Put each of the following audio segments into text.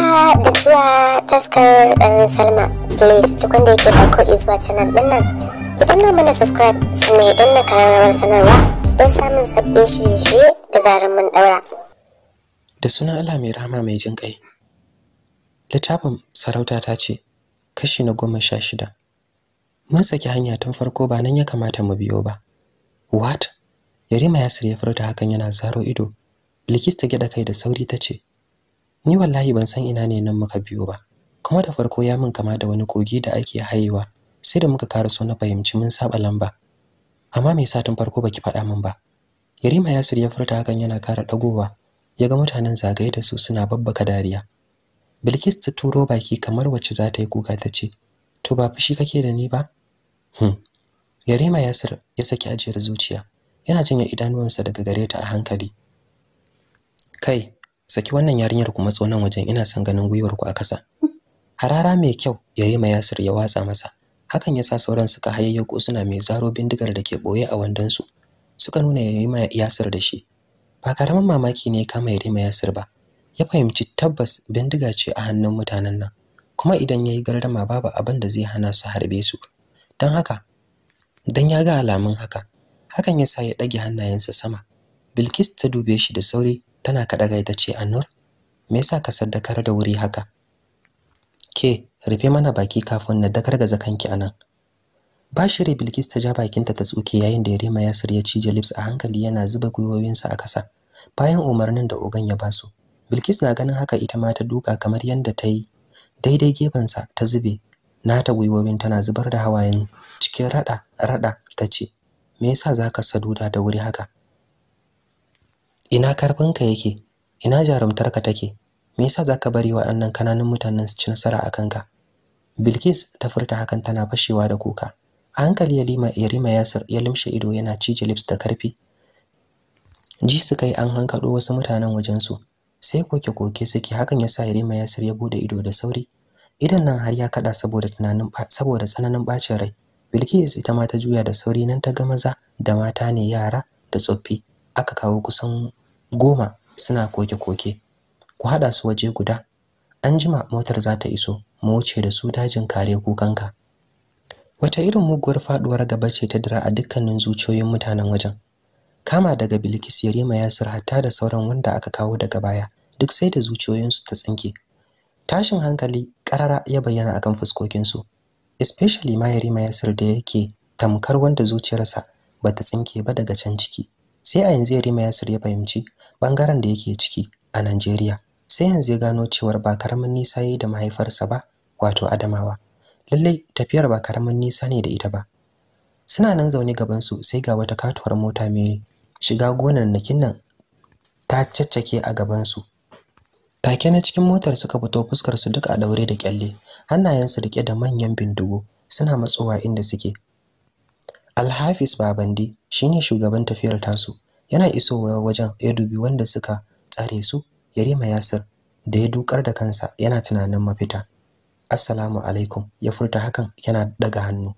haka da zuwa taskar ɗan salma please duk wanda yake farko izuwa canal ɗin nan ki danna mana subscribe sannan don na kararrawar sanarwa don samun sabbin shirye-shirye da zarar mun ɗaura da sunan allah mai rahama mai jin ƙai littafin sarauta ta ce kashi na goma sha shida mun saki hanya tun farko ba nan ya kamata mu biyo ba what yarima ya sirya furta hakan yana zaro ido likista ta gyaɗa kai da sauri ta ce ni wallahi ban san ina ne nan muka biyo ba kuma da farko ya min kama da wani kogi da ake haiwa sai da muka karaso na fahimci mun saba lamba amma me yasa tun farko baki faɗa min ba Yarima Yasir ya furta hakan yana kara dagowa ya ga mutanen zagaye da su suna babbaka dariya Bilkis ta turo baki kamar wacce za ta yi kuka ta ce to ba fushi kake da ni ba hmm. Yarima Yasir ya saki ajiyar zuciya yana jinya idanuwansa daga gare ta a hankali kai saki wannan yarinyar ku matso nan wajen ina son ganin gwiwar ku a kasa harara mai kyau yarima yasir ya watsa masa hakan ya sa sauran suka hayayyako suna mai zaro bindigar da ke boye a su suka nuna yarima yasir da shi ba karaman mamaki ne kama yarima yasir ba ya fahimci tabbas bindiga ce a hannun mutanen nan kuma idan yayi gardama babu abin da zai hana su harbe su dan haka dan ya ga alamun haka hakan yasa ya dage hannayensa sama bilkis ta dube shi da sauri tana kaɗa gai ce ce annur me yasa ka saddakar da wuri haka ke rufe mana baki kafin na dagargaza kanki anan Bashiri Bilkis ta ja bakinta ta tsuke yayin da Yarima Yasir ya cije lips a hankali yana zuba gwiwowinsa a kasa, bayan umarnin da ogan ya basu Bilkis na ganin haka ita ma ta duka kamar yadda ta yi daidai gefensa ta zube nata gwiwowin tana zubar da hawayen cikin rada rada ta ce me yasa zaka saduda da wuri haka ina karfinka yake ina jarumtarka take me yasa zaka bari waɗannan kananan mutanen su ci nasara a kanka Bilkis ta furta hakan tana fashewa da kuka a hankali Yalima Yarima Yasir ya limshe ido yana cije lips da karfi ji suka yi an hankaɗo wasu mutanen wajensu. sai koke-koke suke hakan yasa Yarima Yasir ya bude ido da sauri idan nan har ya kada saboda tunanin saboda tsananin bacin rai Bilkis ita ma ta juya da sauri nan ta ga maza da mata ne yara da tsoffi aka kawo kusan goma suna koke-koke ku haɗa su waje guda an jima motar za ta iso mu wuce da su dajin kare kukanka wata irin muguwar faduwar gaba ce ta dira a dukkanin zuciyoyin mutanen wajen kama daga bilkis yarima yasir hatta da sauran wanda aka kawo daga baya duk sai da zuciyoyinsu ta tsinke tashin hankali karara ya bayyana akan fuskokinsu especially ma yarima yasir da yake tamkar wanda zuciyarsa bata tsinke ba daga can ciki sai a yanzu Yarima Yasir ya fahimci bangaren da yake ciki a Najeriya sai yanzu ya gano cewar ba karamin nisa yayi da mahaifarsa ba wato Adamawa lalle tafiyar ba karamin nisa ne da ita ba suna nan zaune gaban su sai ga wata katuwar mota mai shiga nakin nan ta caccake a gaban su take na cikin motar suka fito fuskar su duk a daure da kyalle hannayensu rike da manyan bindigo suna matsowa inda suke Alhafiz shi ne shugaban tafiyar tasu. Yana isowa wajen ya dubi wanda suka tsare su, Yarima Yasir, da ya dukar da kansa yana tunanin mafita. Assalamu alaikum ya furta hakan yana daga hannu.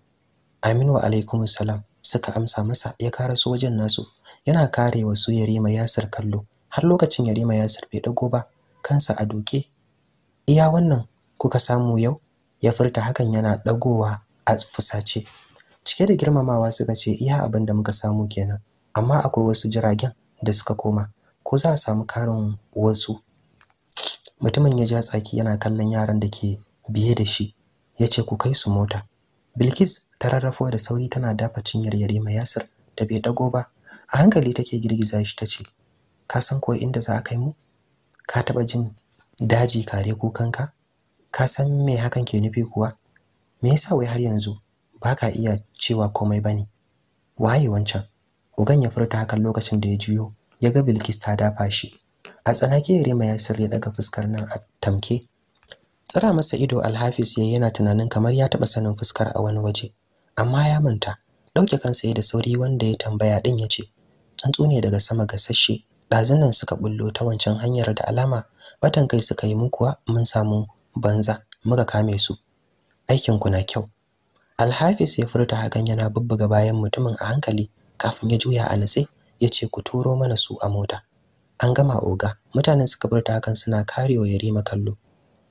Aminu wa alaikum salam suka amsa masa ya su wajen nasu. Yana kare wasu Yarima Yasir kallo. Har lokacin Yarima Yasir bai dago ba, kansa a duke. Iya wannan kuka samu yau? Ya furta hakan yana dagowa a fusace. cike da girmamawa suka ce iya abin da muka samu kenan amma akwai wasu jiragen da suka koma ko za a samu karin wasu mutumin ya ja tsaki yana kallon yaran da ke biye da shi ya ce ku kai su mota bilkis ta rarrafo da sauri tana dafa cinyar yarima yasir da bai dago ba a hankali take girgiza shi ta ce ka san ko inda za a kai mu ka taba jin daji kare kukanka ka san me hakan ke nufi kuwa me yasa wai har yanzu ba ka iya cewa komai ba ne waye wancan ogan ya furta hakan lokacin da ya juyo ya ga bilkis ta dafa shi a tsanake rima ya sirri daga fuskar nan a tamke tsara masa ido alhafis ya yana tunanin kamar ya taɓa sanin fuskar a wani waje amma ya manta ɗauke kansa da sauri wanda ya tambaya ɗin ya ce tsuntsu ne daga sama ga sashe ɗazunan suka bullo ta wancan hanyar da alama batan kai suka yi mu kuwa mun samu banza muka kame su aikin ku na kyau Alhafis ya furta hakan yana bubbuga bayan mutumin a hankali kafin ya juya a natse ya ce ku turo mana su a mota. An gama oga, mutanen suka furta hakan suna karewa Yarima kallo.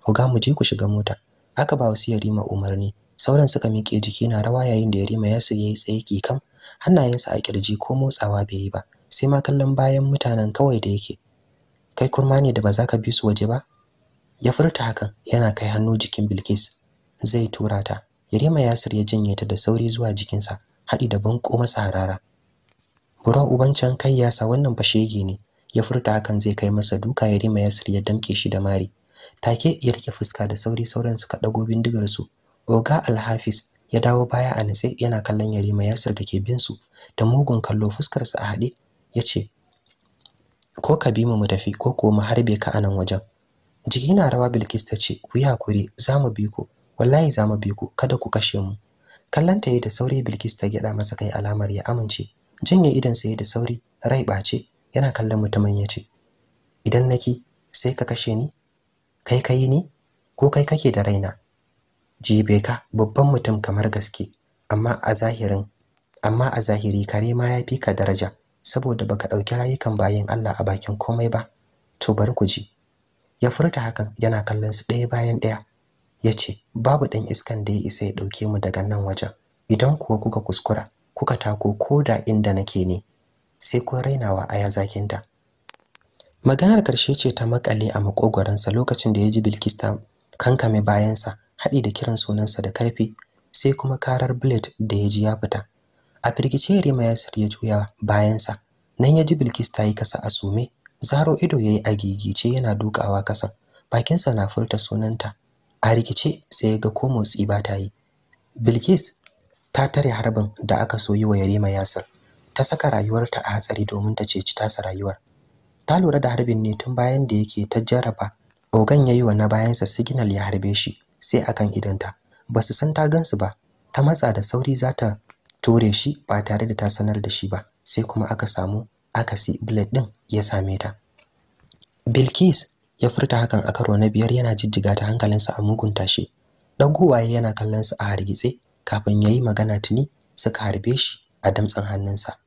Oga mu je ku shiga mota. Aka ba wasu Yarima umarni. Sauran suka miƙe jiki na rawa yayin da Yarima ya sanya tsaiki kam, hannayensa a kirji ko motsawa bai yi ba, sai ma kallon bayan mutanen kawai da yake. Kai kurma ne da ba za ka bi su waje ba? Ya furta hakan yana kai hannu jikin Bilkis. Zai tura ta. Yarima Yasir ya janye ta da sauri zuwa jikinsa, haɗi da banko masa harara. Bura uban can kai yasa wannan fashege ne, ya furta hakan zai kai masa duka Yarima Yasir ya damke shi da mari. Take ya rike fuska da sauri sauran suka ɗago bindigar su. Oga Alhafis, ya dawo baya a natse yana kallon Yarima Yasir da ke bin su da mugun kallo fuskarsa a haɗe ya ce, Ko ka bi mu mu tafi ko ko mu harbe ka a nan wajen. Jiki na rawa Bilkis ta ce, Ku yi hakuri, za mu bi ku. wallahi za mu bi ku kada ku kashe mu ta yi da sauri Bilkis ta gyada masa kai alamar ya amince janye idan sa da sauri rai bace yana kallon mutumin ya ce. idan naki sai ka kashe ni kai kai ni ko kai kake da raina jibe ka babban mutum kamar gaske amma a zahirin amma a zahiri kare ma ya fi ka daraja saboda baka dauki rayukan bayin Allah a bakin komai ba to bari ku ji ya furta hakan yana kallon su ɗaya bayan ɗaya ya ce babu ɗan iskan da ya isa ya ɗauke mu daga nan wajen idan kuwa kuka kuskura kuka tako ko da inda nake ne sai kun rainawa aya zakinta maganar karshe ce ta makale a makogoransa lokacin da ya ji bilkis ta kankame bayansa haɗi da kiran sunansa da karfi sai kuma karar bilet da ya ji ya fita a firgice rima yasir ya juya bayansa nan ya ji bilkis ta yi kasa a sume zaro ido ya yi agigice yana dukawa kasa bakinsa na furta sunanta a rikice sai yaga ga ko motsi ba ta yi bilkis ta tare harbin da aka soyi wa yarima yasir ta saka rayuwarta a hatsari domin ta ceci tasa rayuwar ta lura da harbin ne tun bayan da yake ta jarraba ogan ya yi wa na bayansa signal ya harbe shi sai akan idanta ba su san ta gansu ba ta matsa da sauri za ta ture shi ba tare da ta sanar da shi ba sai kuma aka samu akasi blade din ya same ta bilkis ya furta hakan a karo na biyar yana jijjiga ta hankalinsa a mugun tashi ɗagowaye yana kallon sa a hargitse kafin ya yi magana tuni suka harbe shi a damtsan hannunsa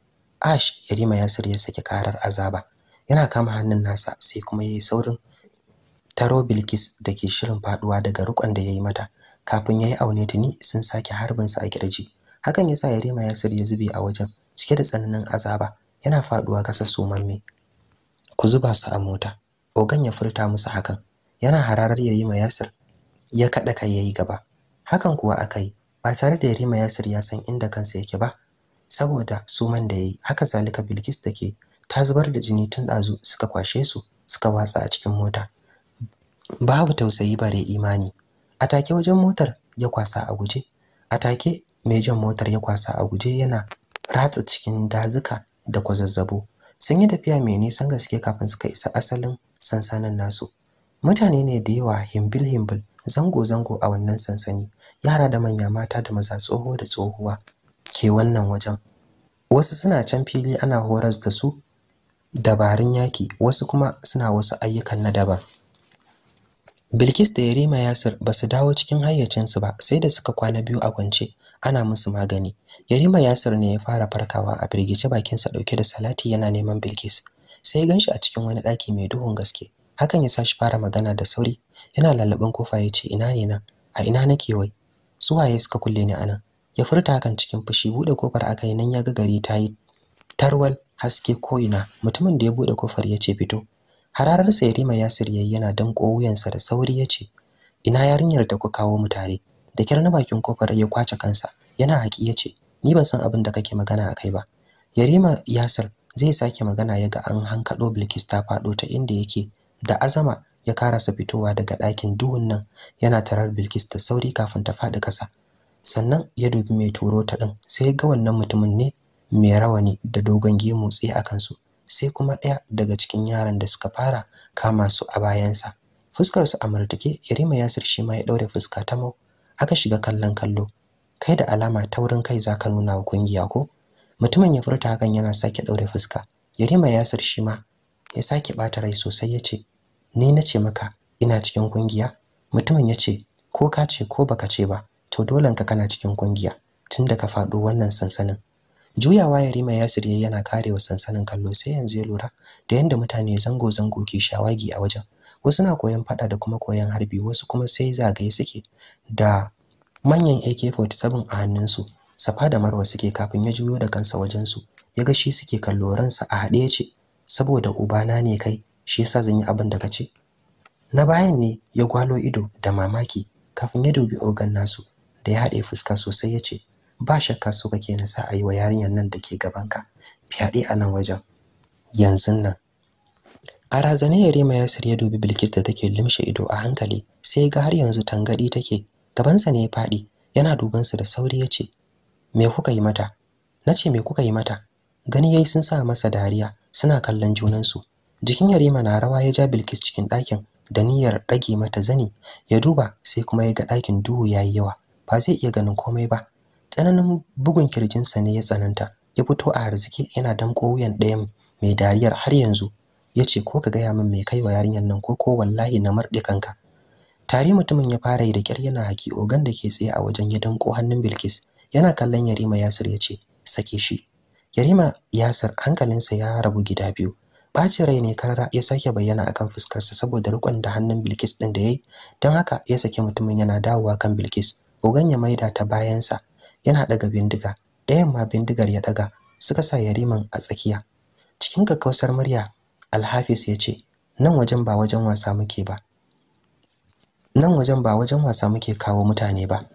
ash yarima yasir ya saki karar azaba yana kama hannun nasa sai kuma ya yi saurin taro bilkis da ke shirin faduwa daga rukon da ya yi mata kafin ya yi aune tuni sun sake harbinsa a kirji hakan ya sa yarima yasir ya zube a wajen cike da tsananin azaba yana faduwa kasa sumamme ku zuba su a mota ogan ya furta musu hakan yana hararar yarima yasir ya kada kai yayi gaba hakan kuwa aka yi ba tare da yarima yasir ya san inda kansa yake ba saboda su man da yayi haka zalika bilkis take ta zubar da jini tun dazu suka kwashe su suka watsa a cikin mota babu tausayi bare imani atake wajen motar ya kwasa a guje atake mai jan motar ya kwasa a guje yana ratsa cikin dazuka da kwazazzabo sun yi tafiya mai nisan gaske kafin suka isa asalin sansanin nasu mutane ne da yawa himbil himbil zango zango a wannan sansani yara da manya mata da maza tsoho da tsohuwa ke wannan wajen wasu suna can fili ana horas da su dabarun yaki wasu kuma suna wasu ayyukan na daban Bilkis da Yarima Yasir ba su dawo cikin hayyacinsu ba sai da suka kwana biyu a kwance ana musu magani. Yarima Yasir ne ya fara farkawa a firgice bakinsa ɗauke da salati yana neman Bilkis. sai gan shi a cikin wani ɗaki mai duhun gaske hakan ya sa shi fara magana da sauri yana lallaban kofa ya ce ina ne nan a ina nake wai su waye suka kulle ni anan ya furta hakan cikin fushi buɗe kofar aka yi nan ya ga gari ta yi tarwal haske ko ina mutumin da ya buɗe kofar ya ce fito hararar Yarima Yasir yayi yana danko wuyansa da sauri ya ce ina yarinyar da ku kawo mu tare da kyar na bakin kofar ya kwace kansa yana haƙi ya ce ni ban san abin da kake magana a kai ba Yarima Yasir zai sake magana ya ga an hankaɗo Bilkis ta faɗo ta inda yake da azama ya karasa fitowa daga ɗakin duhun nan yana tarar Bilkis da sauri kafin ta faɗi ƙasa sannan ya dubi mai turo ta ɗin sai ga wannan mutumin ne mai rawani da dogon gemu tsaye a kansu sai kuma ɗaya daga cikin yaran da suka fara kama su a bayansa fuskar su a martake Irima Yasir shi ma ya ɗaure fuska ta mau aka shiga kallon kallo kai da alama taurin kai zaka nuna wa kungiya ko mutumin ya furta hakan yana sake daure fuska yarima yasir shi ma ya sake bata rai sosai ya ce ni nace maka ina cikin kungiya mutumin ya ce ko ka ce ko baka ce ba to dolen ka kana cikin kungiya tunda ka faɗo wannan sansanin juyawa yarima yasir yayi yana kare wa sansanin kallo sai yanzu ya lura da yanda mutane zango zango ke shawagi a wajen wasu na koyon fada da kuma koyon harbi wasu kuma sai zagaye suke da manyan AK47 a hannunsu safa da marwa suke kafin ya juyo da kansa wajen su ya ga shi suke kallo ransa a haɗe ya ce saboda na ne kai shi yasa zan yi abin da ce. na bayan ne ya gwalo ido da mamaki kafin ya dubi ogan nasu da ya haɗe fuska sosai ya ce ba shakka so kake na sa a yi wa yarinyar nan da ke gabanka fyaɗe a nan wajen yanzu nan a razane yarima yasir ya dubi bilkis da take limshe ido a hankali sai ga har yanzu tangadi take gabansa ne ya faɗi yana dubansa da sauri ya ce me kuka yi mata nace me kuka yi mata gani yayi sun sa masa dariya suna kallon junansu jikin yarima na rawa ya ja bilkis cikin ɗakin da niyyar ɗage mata zani ya duba sai kuma ya ga ɗakin duhu yayi yawa ba zai iya ganin komai ba tsananin bugun kirjinsa ne ya tsananta ya fito a harziki yana damƙo wuyan ɗayan mai dariyar har yanzu ya ce ko ka gaya min mai kai wa yarinyar nan ko ko wallahi na marɗe kanka Tari mutumin ya fara yi da kyar yana haƙi ogan da ke tsaye a wajen ya danko hannun bilkis yana kallon Yarima Yasir ya ce sake shi Yarima Yasir hankalinsa ya rabu gida biyu ɓacin rai ne karara ya sake bayyana akan fuskarsa saboda rikon da hannun Bilkis ɗin da ya yi don haka ya saki mutumin yana dawowa kan Bilkis ogan ya maida ta bayansa yana ɗaga bindiga ɗayan ma bindigar ya ɗaga. suka sa Yariman a tsakiya cikin kakkausar murya Alhafis ya ce nan wajen ba wajen wasa muke ba nan wajen ba wajen wasa muke kawo mutane ba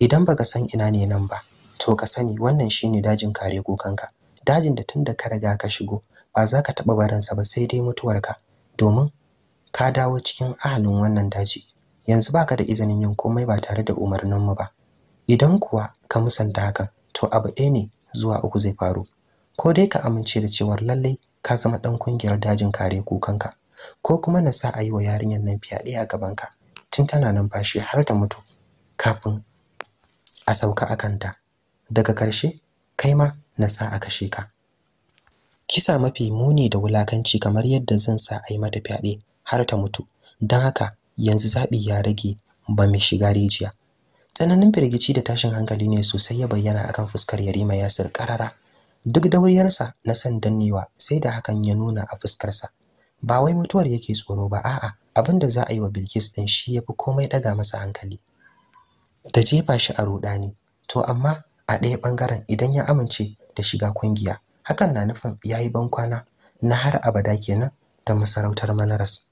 idan baka san ina ne nan ba to ka sani wannan shine dajin kare kukan ka. dajin da tunda ka riga ka shigo ba za ka taɓa barinsa ba sai dai mutuwarka domin ka dawo cikin ahalin wannan daji yanzu baka da izinin yin komai ba tare da umarninmu ba idan kuwa ka musanta hakan to abu ɗaya ne zuwa uku zai faru ko dai ka amince da cewar lallai ka zama ɗan kungiyar dajin kare kukanka ko kuma na sa a yi wa yarinyar nan fyaɗe a gabanka tun tana numfashi har ta mutu kafin a sauka a kanta daga ƙarshe kai ma na sa a kashe ka kisa mafi muni da wulakanci kamar yadda zan sa a yi mata fyaɗe har ta mutu don haka yanzu zaɓi ya rage ba mai shiga rijiya tsananin firgici da tashin hankali ne sosai ya bayyana akan fuskar yarima yasir karara duk dauriyarsa na san dannewa sai da hakan ya nuna a fuskarsa ba wai mutuwar yake tsoro ba a'a abin da za a yi wa bilkis ɗin shi ya fi komai ɗaga masa hankali da jefa shi a rudani to amma a ɗaya ɓangaren idan ya amince da shiga kungiya hakan na nufin ya yi bankwana na har abada kenan da masarautar Manaras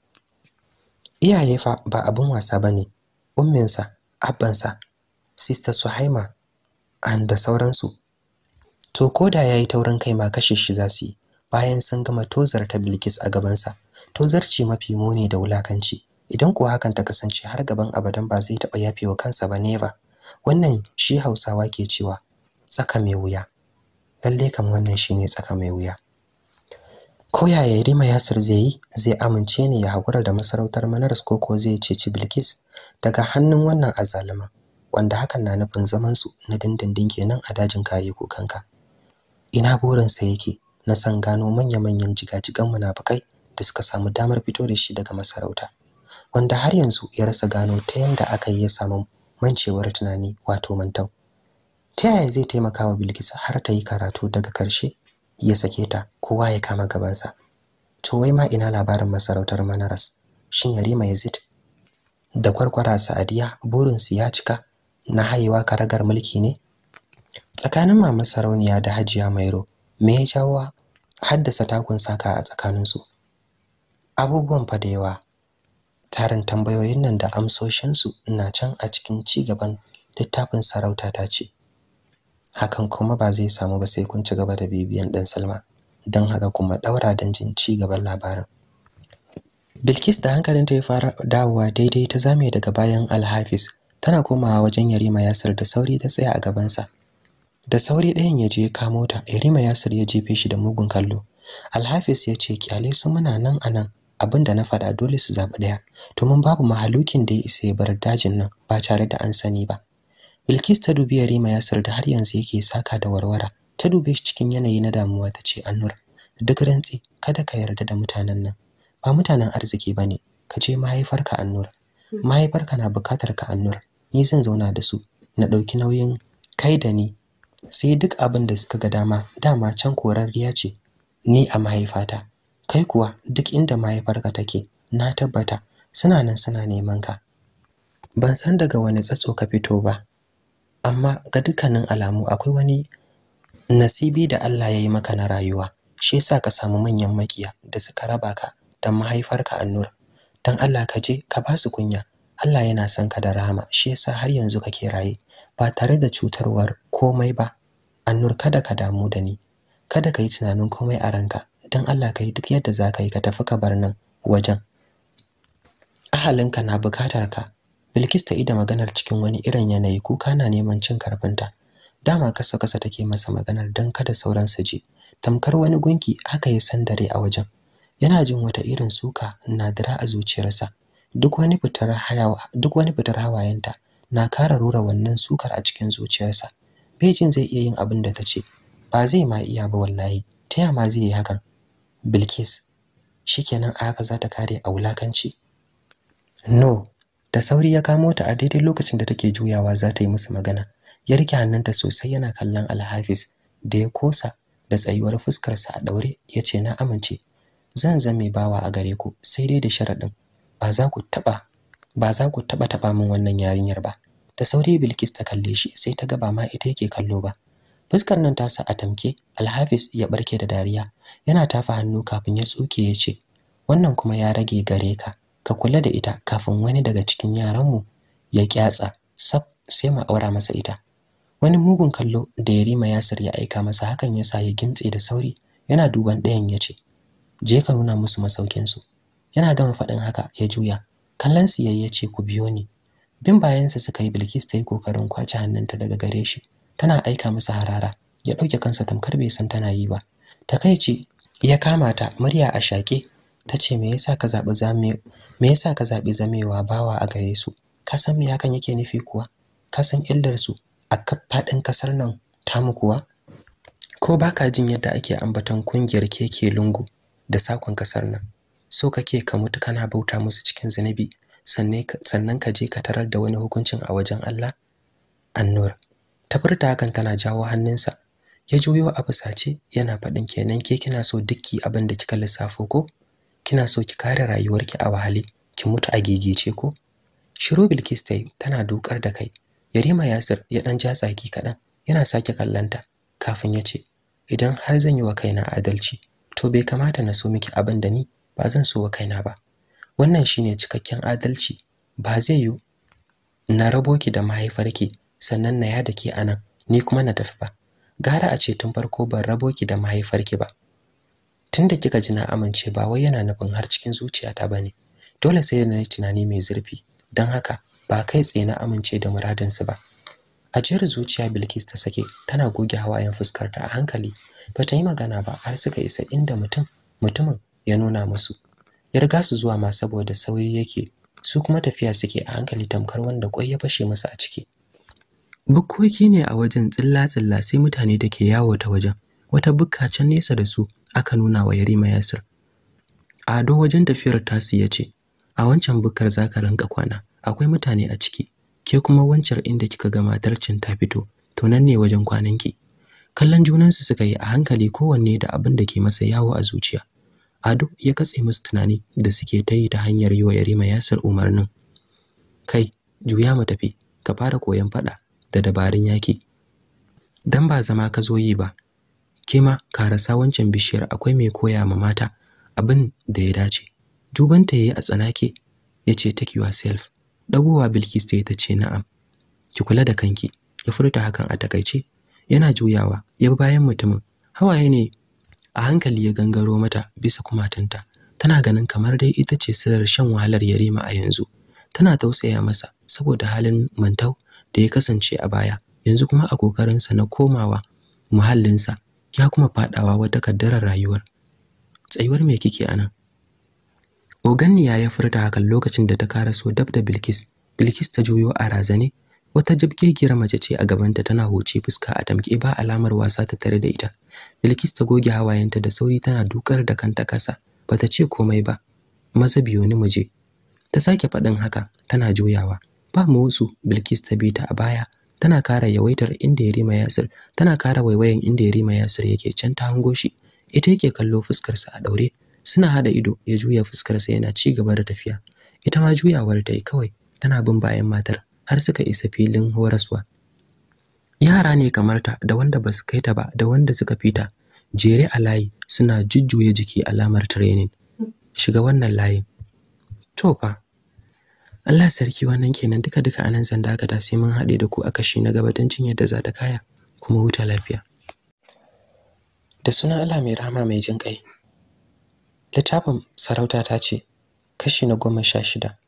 iyaye fa ba abin wasa ba ne, umminsa abbansa Sista Suhaima an da sauransu to ko da ya yayi taurin kai ma kashe shi za su yi bayan sun gama tozar ta Bilkis a gabansa tozarci mafi muni da wulakanci idan kuwa hakan ta kasance har gaban abadan ba zai taɓa wa kansa ba ne ba, wannan shi hausawa ke cewa tsaka mai wuya lalle kam wannan shi ne tsaka mai wuya ko yaya rima yasir zai yi zai amince ne ya haƙura da masarautar manaras ko ko zai ceci bilkis daga hannun wannan azalima wanda hakan na nufin zaman su na dindindin kenan a dajin kare kukanka ina burinsa yake na san gano manya-manyan jiga jigajigan munafukai da suka samu damar fito da shi daga masarauta wanda har yanzu ya rasa gano ta yanda aka yi ya samu mancewar tunani wato mantau ta yaya zai taimaka wa bilkisu har ta yi karatu daga karshe ya sake ta kowa ya kama gabansa to wai ma ina labarin masarautar manaras shin yarima yazid da kwarkwara sa'adiya burinsu ya cika na haihuwa karagar mulki ne tsakanin mama sarauniya da hajiya mairo me ya jawo haddasa takun saka a tsakaninsu abubuwan fa da yawa tarin tambayoyin nan da amsoshinsu na can a cikin ci gaban littafin sarauta ta ce hakan kuma ba zai samu ba sai kun ci gaba da bibiyan ɗan Salma don haka kuma ɗaura don jin ci gaban labarin Bilkis da hankalinta ya fara dawowa daidai ta zame daga bayan Alhafis tana komawa wajen Yarima Yasir da sauri ta tsaya a gabansa da sauri ɗayan ya je kamo ta Yarima Yasir ya jefe shi da mugun kallo Alhafis ya ce kyale su muna nan a nan da na faɗa dole su zaɓi ɗaya domin babu mahalukin da ya isa ya bar dajin nan ba tare da an sani ba Bilkis ta dubi Yarima Yasir da har yanzu yake saka da warwara ta dube shi cikin yanayi na damuwa ta ce Annur duk rantsi kada ka yarda da mutanen nan ba mutanen arziki ba ne, ka je mahaifarka Annur mahaifarka na bukatar ka Annur ni zan zauna da su na ɗauki nauyin kai da ni sai duk abin da suka ga dama dama can korarriya ce ni a mahaifata kai kuwa duk inda mahaifarka take na tabbata suna nan suna neman ka ban san daga wani tsatso ka fito ba amma ga dukkanin alamu akwai wani nasibi da Allah ya yi maka na rayuwa shi yasa ka samu manyan makiya da suka raba ka da mahaifarka Annur dan Allah ka je ka ba su kunya Allah yana son ka da rahama shi yasa har yanzu kake raye ba tare da cutarwar komai ba Annur kada ka damu da ni kada ka yi tunanin komai a ranka don Allah ka yi duk yadda za ka yi ka tafi ka bar nan wajen ahalinka na bukatar ka Bilkis ta ida maganar cikin wani irin yanayi kuka na neman cin karfinta dama kasa kasa take masa maganar don kada sauran su je tamkar wani gunki haka ya sandare a wajen yana jin wata irin suka na dira a zuciyarsa duk wani fitar hawayenta na kara rura wannan sukar a cikin zuciyarsa Bejin zai iya yin abin da ta ce ba zai ma iya ba wallahi ta yama zai yi hakan Bilkis shi shikenan a haka za ta kare a wulakanci no da sauri ya kamo ta a daidai lokacin da take juyawa za ta yi musu magana ya rike hannunta sosai yana kallon Alhafis, da ya kosa da tsayuwar fuskarsa a daure ya ce na amince zan zame bawa a gare ku sai dai da sharaɗin ba za ku taɓa taɓa taɓa min wannan yarinyar ba da sauri Bilkis ta kalle shi sai ta ga ba ma ita yake kallo ba fuskar nan tasa a tamke Alhafis ya barke da dariya yana tafa hannu kafin ya tsuke ya ce wannan kuma ya rage gare ka ka kula da ita kafin wani daga cikin yaranmu ya kyatsa sab sai mu aura masa ita wani mugun kallo da yarima yasir ya aika masa hakan ya sa ya gimtse da sauri yana duban ɗayan ya ce je ka nuna musu masaukinsu yana gama faɗin haka ya juya kallon siyayya ce ku biyo ni bin bayansa suka yi bilkis ta yi kokarin kwace hannunta daga gare shi tana aika masa harara ya ɗauke kansa tamkar bai san tana yi ba takaici ya kama ta murya a shaƙe ta ce me yasa ka zaɓi ka zaɓi zamewa bawa a gare su ka san me hakan yake nufi kuwa ka san illar su a kaf faɗin ƙasar nan tamu kuwa ko baka jin yadda ake ambaton kungiyar keke lungu da sakon ƙasar nan so kake ka mutu kana bauta musu cikin zunubi sannan ka je ka tarar da wani hukuncin a wajen Allah annur ta furta hakan tana jawo hannunsa ya juyo a fusace yana faɗin kenan ke kina so dukki abin da kika lissafo ko kina so ki kare rayuwarki a wahale ki mutu a gegece ko shiru bilkis ta tana dokar da kai yarima yasir ya ɗan ja tsaki kaɗan yana sake kallanta kafin ya ce idan har zan yi wa kaina adalci to bai kamata na so miki abin da ni ba zan so wa kaina ba wannan shine cikakken adalci ba zai yiwu na rabo ki da mahaifarki sannan na yada ke anan ni kuma na tafi ba gara a ce tun farko ban rabo ki da mahaifar ki ba tunda kika ji na amince ba wai yana nufin har cikin zuciyata bane dole sai na yi tunani mai zurfi don haka ba kai tsaye na amince da muradinsu ba A jiyar zuciya Bilkis ta sake tana goge hawayen fuskarta a hankali ba ta yi magana ba har suka isa inda mutum mutumin ya nuna musu ya riga su zuwa ma saboda sauri yake su kuma tafiya suke a hankali tamkar wanda kwai ya fashe musu a ciki bukkoki ne a wajen tsilla-tsilla sai mutane da ke yawo ta wajen wata bukka can nesa da su aka nuna wa yarima yasir ado wajen tafiyar tasu ya ce a wancan bukkar za ka rinka kwana akwai mutane a ciki ke kuma wancan inda kika ga matar cin ta fito to nan ne wajen kwananki kallon junansu suka yi a hankali kowanne da abin da ke masa yawo a zuciya ado ya katse musu tunani da suke ta yi ta hanyar yi wa yarima yasir umarnin kai juya mu tafi ka fara koyon faɗa da dabarun yaki dan ba zama ka zo yi ba kema ka rasa wancan bishiyar akwai mai koya ma mata abin da ya dace Dubanta ta yayi a tsanake yace take yourself dagowa Bilkis ta ta ce na'am ki kula da kanki ya furta hakan a takaice yana juyawa ya bayan mutumin hawaye ne a hankali ya gangaro mata bisa kumatanta. tana ganin kamar dai ita ce sirrar shan wahalar Yarima a yanzu tana tausaya masa saboda halin mantau da ya kasance a baya yanzu kuma a kokarinsa na komawa muhallinsa ya kuma fadawa wata kaddarar rayuwar tsayuwar me kike anan oganniya ya furta hakan lokacin da ta karaso dab da bilkis bilkis ta juyo a razane wata gira mace ce a gabanta tana huce fuska a tamke ba alamar wasa ta tare da ita bilkis ta goge hawayenta da sauri tana dukar da kanta kasa bata ce komai ba maza biyo ni muje ta sake faɗin haka tana juyawa ba motsu bilkis ta bi ta a baya tana kara yawaitar inda ya yarima yasir tana kara waiwayan inda ya yarima yasir yake can ta hango shi ita yake kallo fuskarsa a daure suna hada ido ya juya fuskarsa yana ci gaba da tafiya ita ma juyawar ta yi kawai tana bin bayan matar har suka isa filin horaswa yara ne kamar ta da wanda ba su kai ta ba da wanda suka fita jere a layi suna jujjuya jiki alamar training shiga wannan layin to fa Allah sarki wannan kenan duka duka anan zan daga da sai mun haɗe da ku a kashi na gaba gabatancin yadda za ta kaya kuma huta lafiya da sunan Allah mai rahama mai jin kai littafin sarauta ta ce kashi na goma sha shida